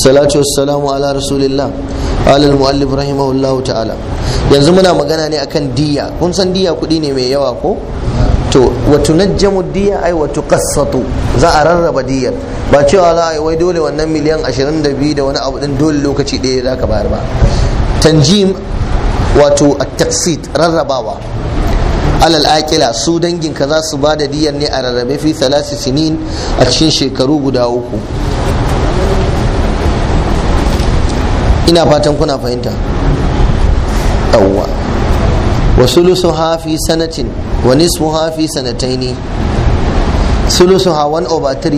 Salatu wassalamu ala rasulillah ala al-muallif rahimahullah ta'ala yanzu muna magana ne akan diya kun san diya kudi ne mai yawa ko to wa tunajjamu diya ai wa tuqassatu za a rarraba diyar ba cewa za a yi wai dole wannan miliyan 22 da wani abu din dole lokaci ɗaya za ka bayar ba tanjim wato at-taqsit rarrabawa alal akila su dangin ka za su bada da diyar ne a rarrabe fi thalath sinin a cikin shekaru guda uku ina fatan kuna fahimta yawwa wa sulusuha fi sanatin wa nisfuha fi sanataini ha 1 over 3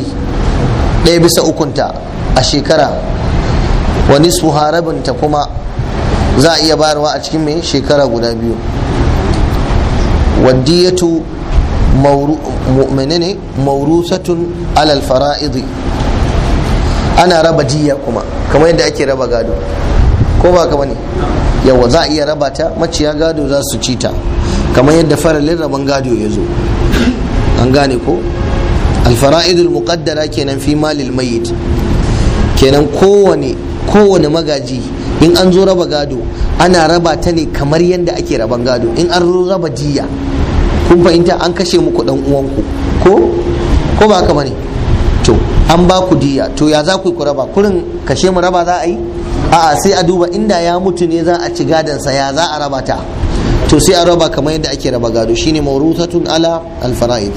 ɗaya bisa ukunta a shekara wa nisfuha harabinta kuma za a iya bayarwa a cikin mai shekara guda biyu wadiyatu menene maurusatun alal fara'idi ana raba jiya kuma kamar yadda ake raba gado ko ba ka bane yawa za a iya raba ta maciya gado za su ci ta kamar yadda faralin raban gado ya zo an gane ko alfara'idul muqaddara kenan fi malil mayyit kenan kowane kowane magaji in an zo raba gado ana raba ta ne kamar yadda ake raban gado in an raba jiya kun fahimta an kashe muku dan uwanku ko ko ba ka bane to an ba ku diya to ya za ku yi ku raba kurin kashe mu raba za a yi a'a sai a duba inda ya mutu ne za a ci gadansa ya za a raba ta to sai a raba kamar yadda ake raba gado shine mawruthatun ala alfara'id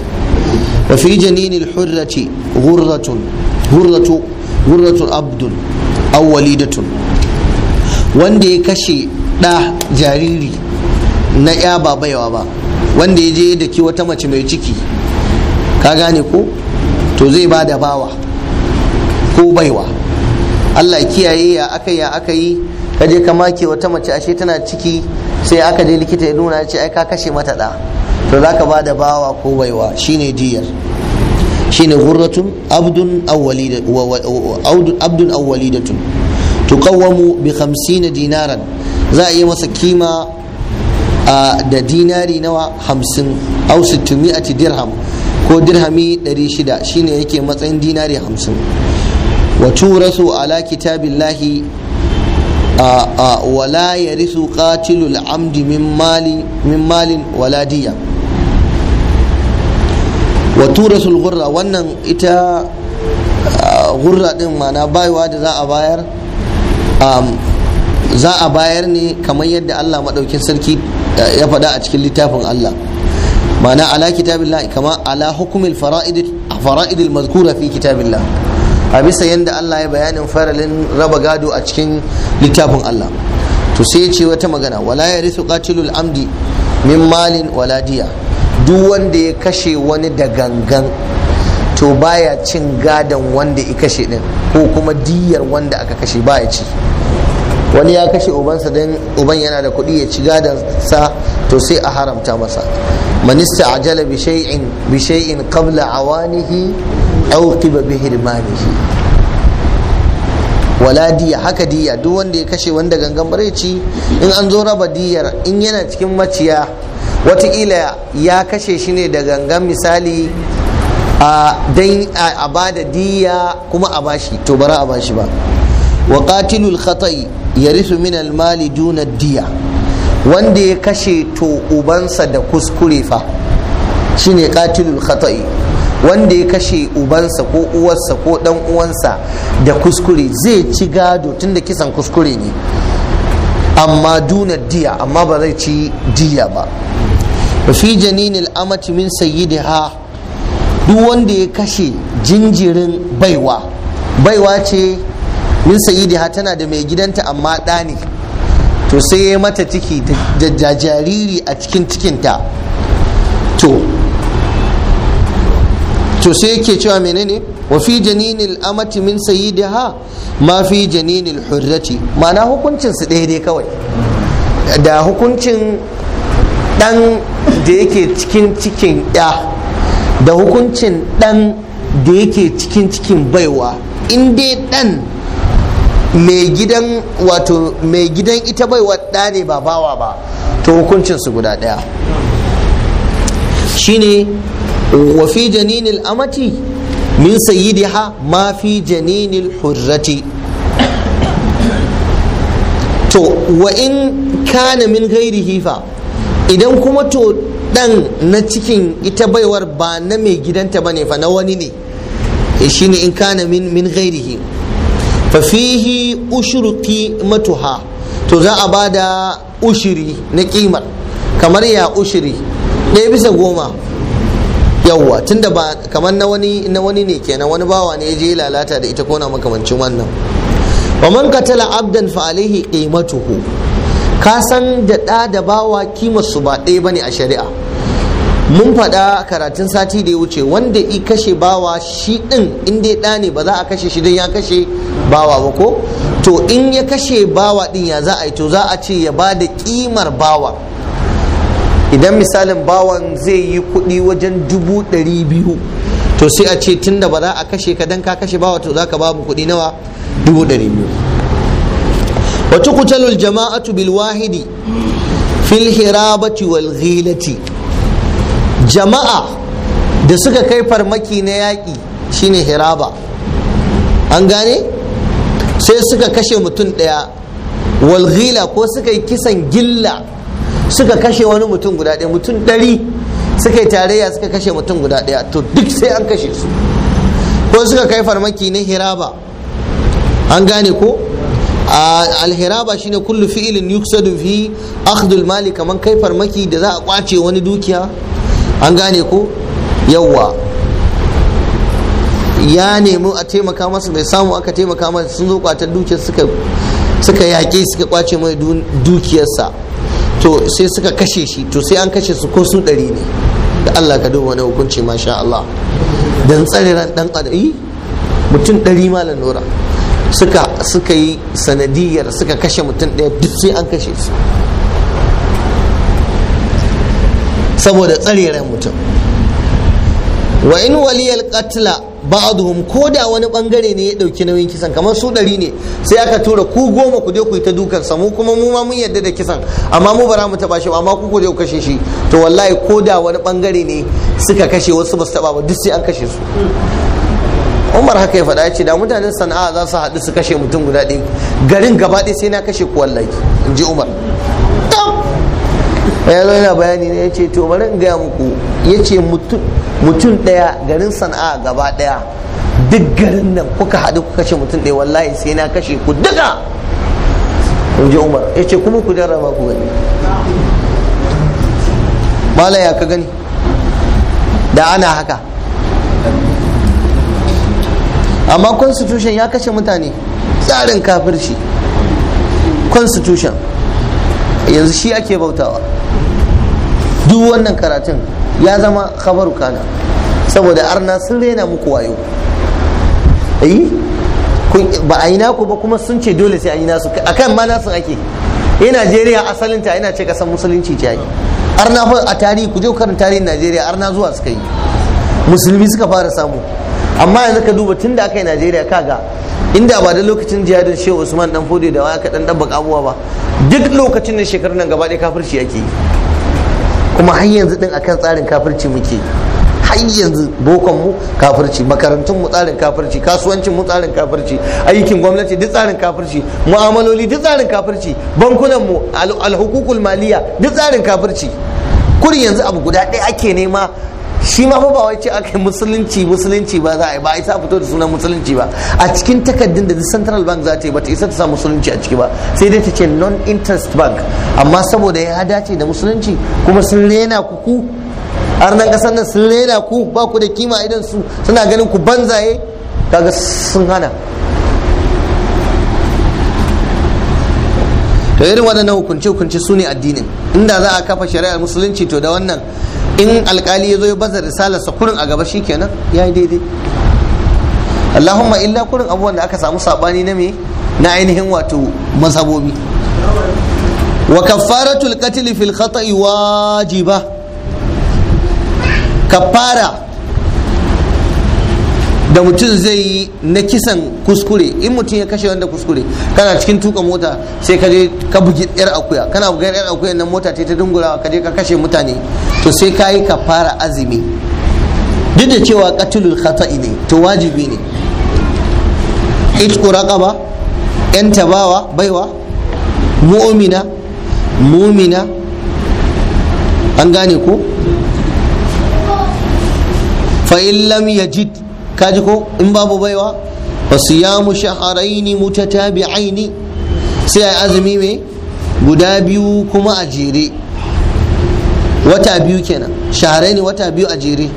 wa fi janinil alhurrati ghurratun ghurratu ghurratu abdun aw walidatun wanda ya kashe da jariri na ya ba baiwa ba wanda ya je da ki wata mace mai ciki ka gane ko to zai ba da bawa ko baiwa Allah kiyaye ya aka ya aka yi kaje je ka make wata mace ashe tana ciki sai aka je likita ya nuna ya ce ai ka kashe mata da to zaka ba da bawa ko baiwa shine diyar shine ghurratun abdun abdun to kawo tuqawwamu bi 50 dinaran za a yi masa kima da dinari nawa 50 aw 600 dirham ko dirhami 600 shine yake matsayin dinari 50 وتورث على كتاب الله آآ آآ ولا يرث قاتل العمد من مال من مال ولا دية وتورث الغرة wannan ita gurra din mana baiwa da za a bayar za a bayar ne kamar yadda Allah maɗaukin sarki ya faɗa a cikin littafin Allah ma'ana ala kitabillah kama ala hukumil fara'idil fara'id mazkura fi kitabillah a bisa yadda Allah ya bayanin faralin raba gado a cikin littafin Allah to sai ya ce wata magana wala ya risu qatilul amdi min malin waladiya duk wanda ya kashe wani da gangan to baya cin gadon wanda ya kashe din ko kuma diyar wanda aka kashe baya ci wani ya kashe ubansa don uban yana da kuɗi ya ci gadon sa to sai a haramta masa manista ajala bi bishai'in kabla qabla awanihi auqiba bi hirmanihi wala diya haka diya duk wanda ya kashe wanda gangan bare ci in an zo raba diyar in yana cikin maciya wataƙila ya kashe shi ne da gangan misali a dan a bada diya kuma a bashi to bara a bashi ba wa qatilul khata'i rufe min al mali duna diya wanda ya kashe to ubansa da kuskure fa shine qatilul khata'i wanda ya kashe ubansa ko uwarsa ko dan uwansa da kuskure zai ci gado tunda kisan kuskure ne amma duna diya amma ba zai ci diya ba fi janinil amati min sayyidiha duk wanda ya kashe jinjirin baiwa baiwa ce min sayyidiha tana da mai gidanta amma ɗa ne to sai ya mata ciki da jariri a cikin cikinta to to sai yake cewa menene wa fi janinil amati min sayyidiha ma fi janinil hurrati ma'ana hukuncin su dai kawai da hukuncin dan da yake cikin cikin ya da hukuncin dan da yake cikin cikin baiwa in dai dan mai gidan wato mai gidan ita baiwa da ne ba bawa ba to hukuncin su guda daya shine wa fi janinil amati min sayyidiha ma fi janinil hurrati to wa in kana min ghairihi fa idan kuma to dan na cikin ita baiwar ba na mai gidanta bane fa na wani ne eh, shine in kana min min ghairihi fa fihi ushru qimatuha to za a da ushiri na kimar kamar ya ushiri ɗaya bisa goma yawwa tunda ba kamar na wani na wani ne kenan wani bawa ne ya je lalata da ita ko na makamancin wannan wa man qatala abdan fa alaihi qimatuhu ka san da da da bawa kimar su ba ɗaya bane a shari'a mun faɗa karatun sati da ya wuce wanda i kashe bawa shi ɗin in dai ɗa ne ba za a kashe shi don ya kashe bawa ba ko to in ya kashe bawa ɗin ya za a yi to za a ce ya ba da ƙimar bawa idan misalin bawan zai yi kuɗi wajen dubu ɗari biyu to sai a ce tun da ba za a kashe ka dan ka kashe bawa to za ka ba mu kuɗi nawa dubu ɗari biyu wa tuqtalul jama'atu bil wahidi fil hirabati wal ghilati jama'a da suka kai farmaki na yaƙi shine hiraba an gane sai suka kashe mutum ɗaya walghila ko suka yi kisan gilla suka kashe wani mutum guda ɗaya mutum ɗari suka yi tarayya suka kashe mutum guda ɗaya to duk sai an kashe su ko suka kai farmaki na hiraba an gane ko alhiraba shine kullu fi'ilin yuksadu fi akhdul mali kaman kai farmaki da za a kwace wani dukiya an gane ko yawwa ya nemi a taimaka masa bai samu aka taimaka masa sun zo kwatar dukiyar suka yaƙe suka kwace mai dukiyarsa to sai suka kashe shi to sai an kashe su ko su ɗari ne da Allah ka duba na hukunci masha Allah dan tsare ran dan adai eh, mutum ɗari ma lalura suka suka yi sanadiyar suka kashe mutum ɗaya duk sai an kashe su saboda tsare ran mutum wa in waliyal qatla ba'dhum ko da wani bangare ne ya dauki nauyin kisan kamar su ɗari ne sai aka tura ku goma ku je ku yi ta dukan sa mu kuma mu ma mun yadda da kisan amma mu bara mu taba shi amma ku ku je ku kashe shi to wallahi ko da wani bangare ne suka kashe wasu ba su taba ba duk sai an kashe su umar haka ya faɗa ya ce da mutanen sana'a za su haɗu su kashe mutum guda ɗaya garin gaba ɗaya sai na kashe ku wallahi in ji umar ya zo yana bayani ne ya ce to bari in gaya muku ya ce mutum ɗaya garin sana'a gaba ɗaya duk garin nan kuka haɗu kuka ce mutum ɗaya wallahi sai na kashe ku duka in ji umar ya ce kuma ku jarraba ku gani mala ya ka gani da ana haka amma constitution ya kashe mutane tsarin kafirci constitution yanzu shi ake bautawa duk wannan karatun ya zama khabaru kana saboda arna sun rena muku wayo eh ba a yi naku ba kuma sun ce dole sai a yi nasu akan ma nasu ake eh Najeriya asalinta ina ce kasan musulunci ce ake arna fa a tarihi ku je karin tarihin Najeriya arna zuwa suka yi musulmi suka fara samu amma yanzu ka duba tun da aka yi Najeriya kaga inda ba da lokacin jihadin shehu usman dan fode da waka kaɗan dabba abubuwa ba duk lokacin da shekarun nan gaba ɗaya kafirci ake yi kuma har yanzu din akan tsarin kafirci muke har yanzu bokon mu kafirci makarantun mu tsarin kafirci kasuwancin mu tsarin kafirci aikin gwamnati duk tsarin kafirci mu'amaloli duk tsarin kafirci bankunan mu alhukukul maliya duk tsarin kafirci kuri yanzu abu guda ɗaya ake nema shi ma fa ba wai ce aka musulunci musulunci ba za a yi ba a sa fito da sunan musulunci ba a cikin takardun da the central bank za ta yi ba ta isa ta sa musulunci a ciki ba sai dai ta ce non interest bank amma saboda ya dace da musulunci kuma sun lena ku ku arnan kasar nan sun lena ku ba ku da kima idan su suna ganin ku banzaye kaga sun hana to irin waɗannan hukunce hukunce su ne addinin inda za a kafa shari'ar musulunci to da wannan in alkali ya zo ya baza risalarsa kurin a gaba shikenan ya yi daidai allahumma illa kurin abubuwan da aka samu sabani na me na ainihin wato mazhabobi wa kaffaratul qatl fil khata'i wajiba kaffara da mutum zai yi na kisan kuskure in mutum ya kashe wanda kuskure kana cikin tuka mota sai ka je ka bugi yar akuya kana bugar yar akuya nan mota ta ta dungurawa ka je ka kashe mutane to sai ka yi ka fara azumi duk da cewa qatlul khata'i ne to wajibi ne itqu raqaba yan tabawa baiwa mu'mina mumina an gane ko fa in lam yajid kaji ko in babu baiwa wa siyamu shaharaini mutatabi'aini sai ai azumi me guda biyu kuma a jere wata biyu kenan shaharaini wata biyu a jere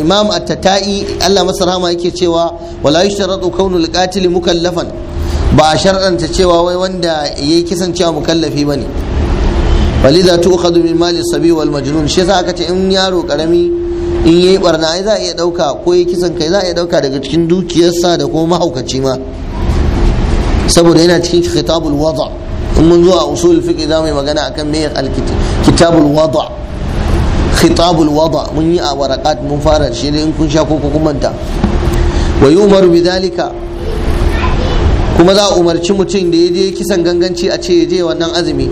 imam at-tatai Allah masa rahama yake cewa wala yushtaratu kaunul qatil mukallafan ba a shar'anta cewa wai wanda yayi kisan cewa mukallafi bane walidha tu'khadhu min mali sabi wal majnun shi yasa aka ce in yaro karami in yayi barna ai za a iya dauka ko yi kisan kai za a iya dauka daga cikin dukiyarsa da kuma mahaukaci ma saboda yana cikin kitabul wada in mun zo a usul fiqh za mu yi magana akan me kitabul wada kitabul wada mun yi a warakat mun fara shi ne in kun sha ko kun manta wa yu'maru bidhalika kuma za a umarci mutum da ya je kisan ganganci a ce ya je wannan azumi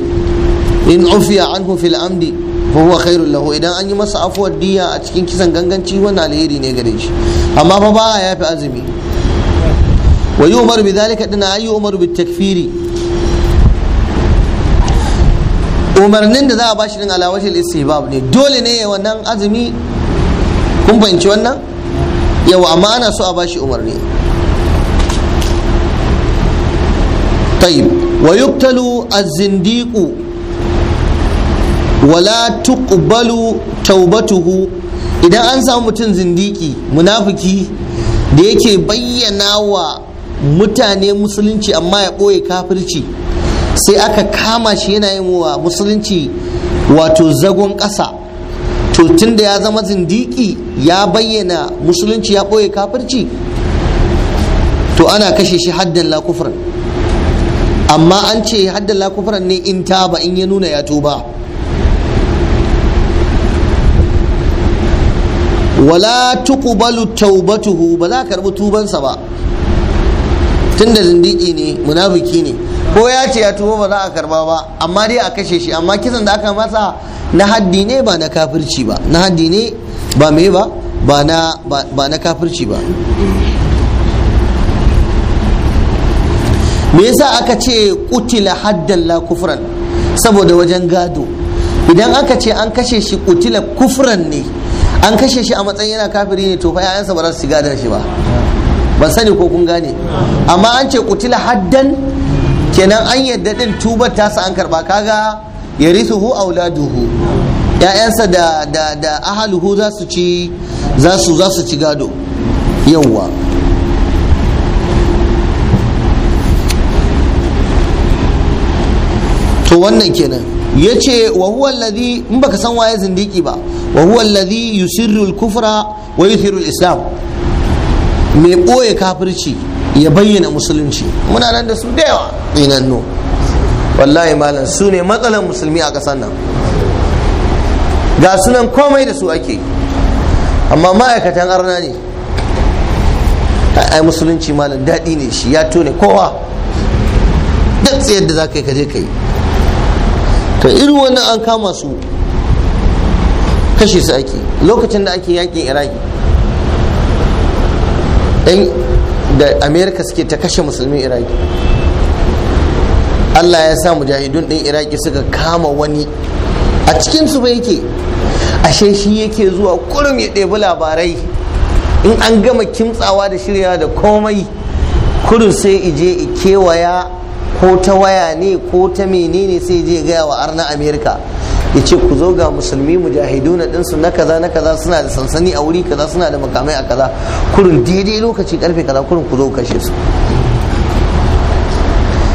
in ufiya anhu fil amdi fa huwa khairul lahu idan an yi masa afuwar diya a cikin kisan ganganci wannan alheri ne gare shi amma fa ba a yafi azumi wa yu'maru bi dhalika dana ayi umaru bit takfiri umarnin da za a bashi din alawatil istihbab ne dole ne ya wannan azumi kun fahimci wannan yawa amma ana so a bashi umarni tayyib wa yuktalu az-zindiqu wala tuqbalu taubatuhu idan an samu mutum zindiki munafiki da yake bayyana wa mutane musulunci amma ya ɓoye kafirci sai aka kama shi yana yin wa musulunci wato zagon ƙasa to tunda ya zama zindiki ya bayyana musulunci ya ɓoye kafirci to ana kashe shi haddan la amma an ce haddan la ne in ba in ya nuna ya tuba wala tuqbalu taubatuhu ba za ka karbi tubansa ba tunda zindiki ne munafiki ne ko ya ce ya tuba ba za a karba ba amma dai a kashe shi amma kisan da aka masa na haddi ne ba na kafirci ba na haddi ne ba me ba na ba na kafirci ba me yasa aka ce kutila haddan la kufran saboda wajen gado idan aka ce an kashe shi kutila kufran ne an kashe shi a matsayin yana kafiri ne to fa ƴaƴansa ba za su shiga da shi ba ban sani ko kun gane amma an ce kutila haddan kenan an yadda din tubar ta sa an karba kaga yarisuhu auladuhu ƴaƴansa da da da ahaluhu za su ci za su za su ci gado yawwa to wannan kenan ya ce wa huwa in baka san waye zindiki ba wa huwa alladhi yusirru kufra wa yusirul islam mai boye kafirci ya bayyana musulunci muna nan da su da yawa tsinannu wallahi malam su ne matsalan musulmi a ƙasar nan ga sunan komai da su ake amma ma'aikatan arna ne ai musulunci malam daɗi ne shi ya tone kowa duk da za ka yi ka ka yi to irin wani an kama su kashe su ake lokacin da ake yakin iraki ɗan da amerika suke ta kashe musulmin iraki allah ya sa mujahidun ɗin iraki suka kama wani a cikinsu ba yake ashe shi yake zuwa kurum ya ɗebi labarai in an gama kimtsawa da shirya da komai kurun sai ije kewaya ko ta waya ne ko ta menene sai je gaya wa arna amerika ya ce ku zo ga musulmi na ɗinsu na kaza na kaza suna da sansani a wuri kaza suna da makamai a kaza kurin daidai lokaci karfe kaza kurin ku zo kashe su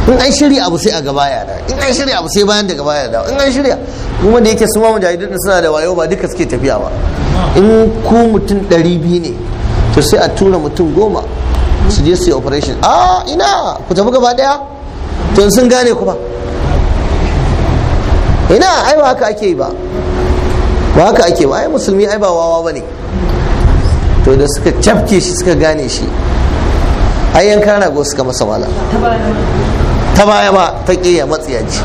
in an shirya abu sai a gaba ya da in an shirya abu sai bayan da gaba ya da in an shirya kuma da yake suma mujahidu mujahidin suna da wayo ba duka suke tafiya ba in ku mutum ɗari biyu ne to sai a tura mutum goma su je su yi operation a ah, ina ku tafi gaba daya to sun gane kuma ina ai ba haka ake yi ba ba haka ake ba ai musulmi ai ba wawa ba ne to da suka cafke shi suka gane shi ai kana go suka masa wala. ta baya ba ta kiyaye matsiyaci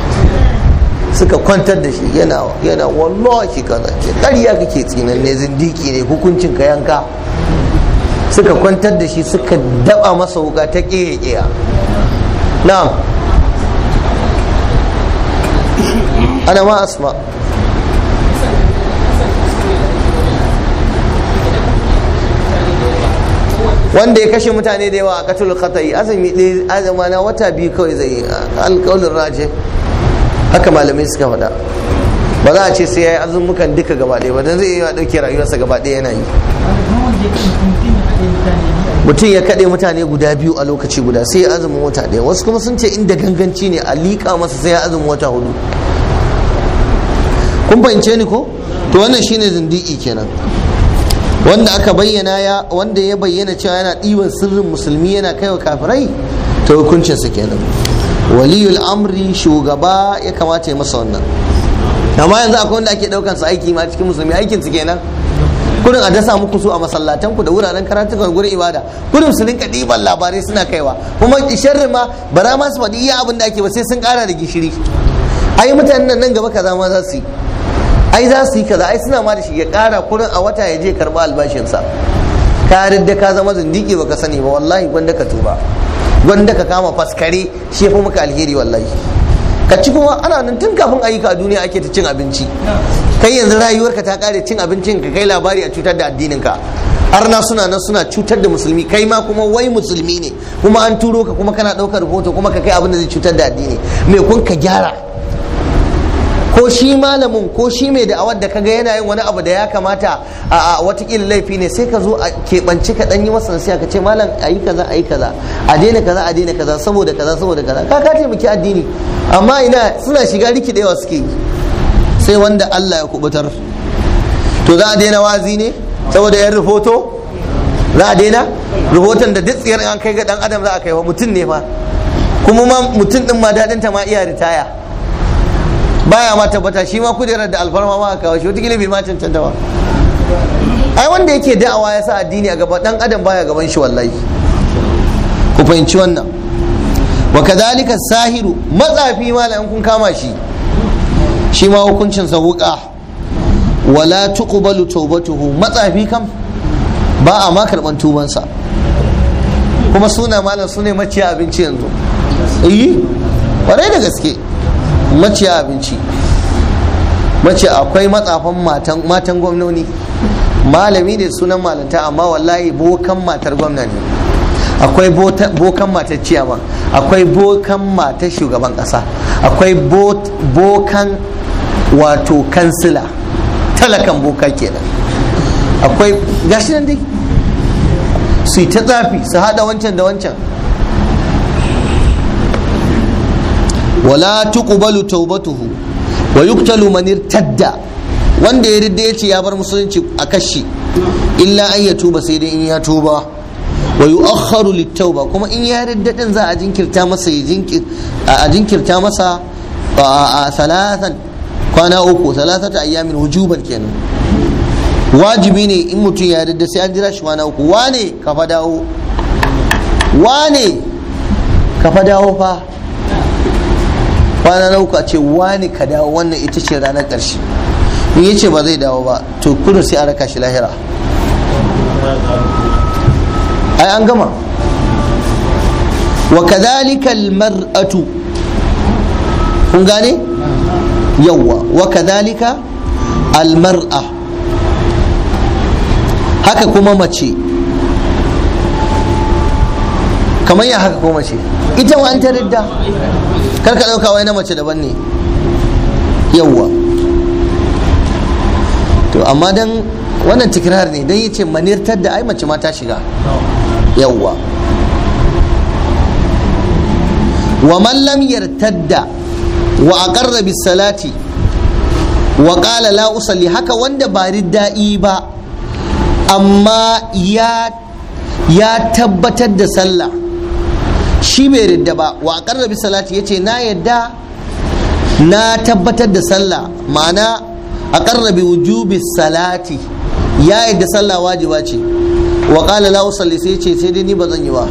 suka kwantar da shi yana yana wallahi kaza ke ƙarya kake tsinan ne zindiki ne hukuncin ka yanka suka kwantar da shi suka daba masa wuka ta kiyaye ƙiya na'am انا ما asma wanda ya kashe mutane da yawa a katul khatai azumi ɗaya azama na wata biyu kawai zai yi alƙawlin raje haka malamai suka faɗa ba za a ce sai ya yi azumukan duka gaba ɗaya ba don zai yi wa ɗauke rayuwarsa gaba ɗaya yana yi mutum ya kaɗe mutane guda biyu a lokaci guda sai ya azumin wata ɗaya wasu kuma sun ce inda ganganci ne a liƙa masa sai ya azumin wata hudu kun fahimce ni ko to wannan shine zindiki kenan wanda aka bayyana ya wanda ya bayyana cewa yana ɗiban sirrin musulmi yana kaiwa kafirai ta su kenan waliyul amri shugaba ya kamata ya masa wannan amma yanzu akwai wanda ake ɗaukan su aiki ma cikin musulmi aikin su kenan kudin a dasa muku su a masallatan ku da wuraren kan gurin ibada kudin su rinka ɗiban labarai suna kaiwa kuma sharri ma bara ma su faɗi iya abin da ake ba sai sun ƙara da gishiri ai mutanen nan gaba kaza ma za su yi ai za su yi kaza ai suna ma da shi ya kara kurin a wata ya je karba albashinsa ka da ka zama zindiki baka sani ba wallahi gwanda ka tuba gwanda ka kama faskare shi ya fi alheri wallahi ka ci kuma ana nan tun kafin ayyuka a duniya ake ta cin abinci kai yanzu rayuwarka ta kare cin abincin ka kai labari a cutar da addininka. ka arna suna nan suna cutar da musulmi kai ma kuma wai musulmi ne kuma an turo ka kuma kana ɗaukar rahoto kuma ka kai abin da zai cutar da addini me kun ka gyara ko shi malamin ko shi mai da'awar da kaga yana yin wani abu da ya kamata a watakila laifi ne sai ka zo a keɓanci ka ɗan yi masa nasiha ka ce malam a yi kaza a yi kaza a daina kaza a daina kaza saboda kaza saboda kaza ka ka taimaki addini amma ina suna shiga riki yawa suke yi sai wanda Allah ya kubutar to za a daina wazi ne saboda yan rahoto za a daina rahoton da duk tsiyar an kai ga dan adam za a kai wa mutum ne fa kuma ma mutum din ma dadin ta ma iya ritaya baya ma tabbata shi ma kudirar da alfarma ma aka kawo shi wata bai ma cancanta ba ai wanda yake da'awa ya sa addini a gaba dan adam baya gaban shi wallahi ku fahimci wannan wa kadhalika sahiru matsafi malam kun kama shi shi ma hukuncin sa wuka wala tuqbalu tawbatuhu matsafi kam ba a ma karban tubansa kuma suna malam sune maciya abinci yanzu eh ƙwarai da gaske maciya abinci mace akwai matsafan matan gwamnoni malami ne sunan malanta amma wallahi bokan matar gwamnani akwai bokan matar ciyama akwai bokan matar shugaban kasa akwai bokan wato kansila talakan boka kenan akwai gashi nan dai su yi ta tsafi su hada wancan da wancan wala tuqbalu tawbatuhu wa yuqtalu man irtadda wanda ya ridda yace ya bar musulunci a kashi illa an ya tuba sai dai in ya tuba wa yu'akhkharu litauba kuma in ya ridda din za a jinkirta masa ya jinkir a jinkirta masa a salatan kwana uku salatata ayyamin wujuban kenan wajibi ne in mutum ya ridda sai an jira shi kwana uku wane ka fa dawo wane ka fa dawo fa kwana na uku a ce wani ka dawo wannan ita ce ranar ƙarshe in ya ce ba zai dawo ba to kudu sai a raka shi lahira ai an gama wa kadhalika almar'atu kun gane yawwa wa kadhalika almar'a haka kuma mace kamar ya haka ko mace ita wa ta ridda kar ka ɗauka wai na mace daban ne yawwa to amma dan wannan tikrar ne dan yace manirtar da ai mace ma ta shiga yawwa wa man lam yartadda wa aqarra bis salati wa qala la usalli haka wanda ba ridda'i ba amma ya ya tabbatar da sallah shi bai ridda ba wa aqarra bi salati yace na yadda na tabbatar da sallah ma'ana aqarra bi wujubi salati ya yadda sallah wajiba ce wa qala la usalli sai yace sai dai ni ba zan yi ba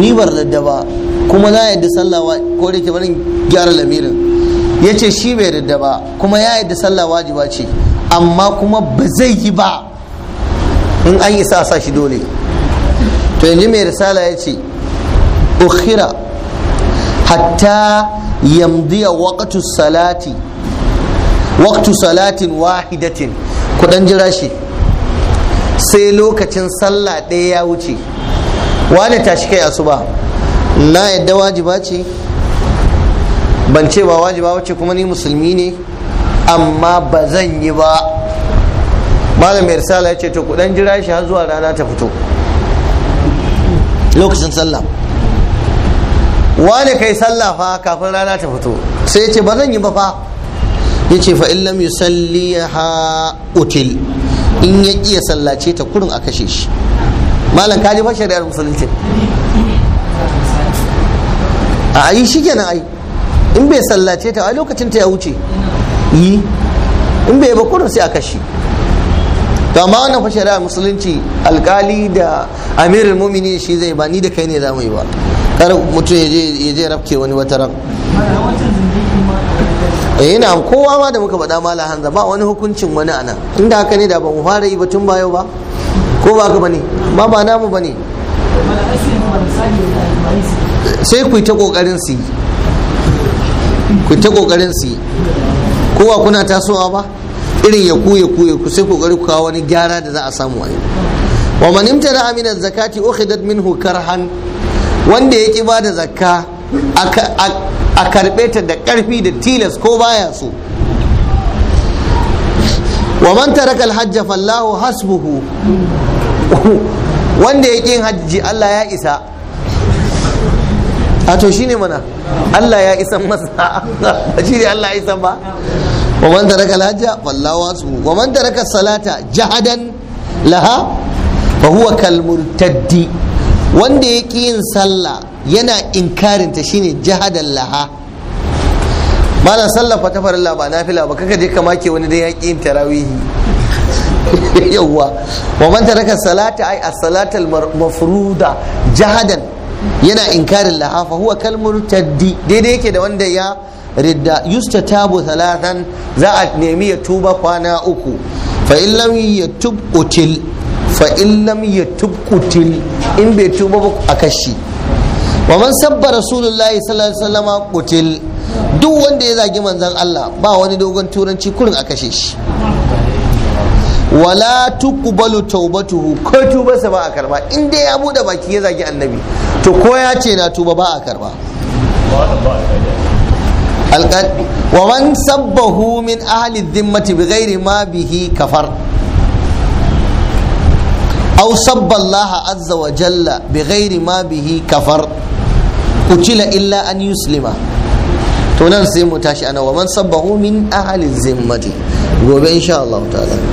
ni bar ridda ba kuma na yadda sallah ko da ke barin gyara lamirin yace shi bai ridda ba kuma ya yadda sallah wajiba ce amma kuma ba zai yi ba in an isa sa shi dole to yanzu mai risala ya ce ukhira hatta yamdiya waqtu salati waqtu salatin wahidatin ku dan jira shi sai lokacin sallah ɗaya ya wuce wane tashi kai asuba na yadda wajiba ce ban ce ba wajiba wace kuma ni musulmi ne amma ba zan yi ba malam irsala ya ce to kudan jira shi har zuwa rana ta fito lokacin sallah wane kai sallah fa kafin rana ta fito sai ya ce ba zan yi ba fa ya ce fa illam ha util in ya iya sallace ta kurin a kashe shi malam kaji fa shari'ar musulunci a ayi shi kenan ai in bai sallace ta a lokacin ta ya wuce yi in bai ba kurin sai a kashe to amma wannan fa shari'ar musulunci alkali da amirul mumini shi zai ba ni da kai ne za mu yi ba kar mutum ya je rafke wani wataran eh yana kowa ma da muka faɗa mala hanza ba wani hukuncin wani anan inda haka ne da ba mu fara yi batun ba yau ba ko ba ka bane ba ba namu bane sai ku yi ta kokarin su ku ta kokarin su kowa kuna tasowa ba irin ya ku ya ku ya ku sai kokari ku kawo wani gyara da za a samu a Wa wa man imtana min az-zakati ukhidat minhu karhan wanda ya ƙi ba da zakka a karɓe ta da ƙarfi da tilas ko baya so wa man taraka alhajja fallahu hasbuhu wanda ya ƙin hajji Allah ya isa a to shine mana Allah ya isa masa shi ne Allah ya isa ba wa man taraka alhajja fallahu hasbuhu wa man taraka salata jahadan laha fa huwa murtaddi wanda ya ƙi yin sallah yana inkarinta shine jahadan laha malam sallah fa tafarin ba fila ba kaka je ka make wani da ya ƙi yin tarawihi yawwa wa man taraka salata ai as-salata al-mafruda jahadan yana inkarin laha fa huwa kalmur taddi daidai yake da wanda ya ridda yusta tabu talatan za a nemi ya tuba kwana uku fa in lam yatub util fa in lam yatub in bai tuba ba a kashi wa man sabba rasulullahi sallallahu alaihi wasallam qutil duk wanda ya zagi manzon Allah ba wani dogon turanci kurin a kashe shi wala tuqbalu taubatuhu ko tubarsa ba a karba in dai ya bude baki ya zagi annabi to ko ya ce na tuba ba a karba wa man sabbahu min ahli dhimmati bighairi ma bihi kafar aw sabba Allah azza wa jalla bighairi ma bihi kafar kutila illa an yuslima to nan sai mu tashi ana wa man sabbahu min ahli zimmati gobe insha Allah ta'ala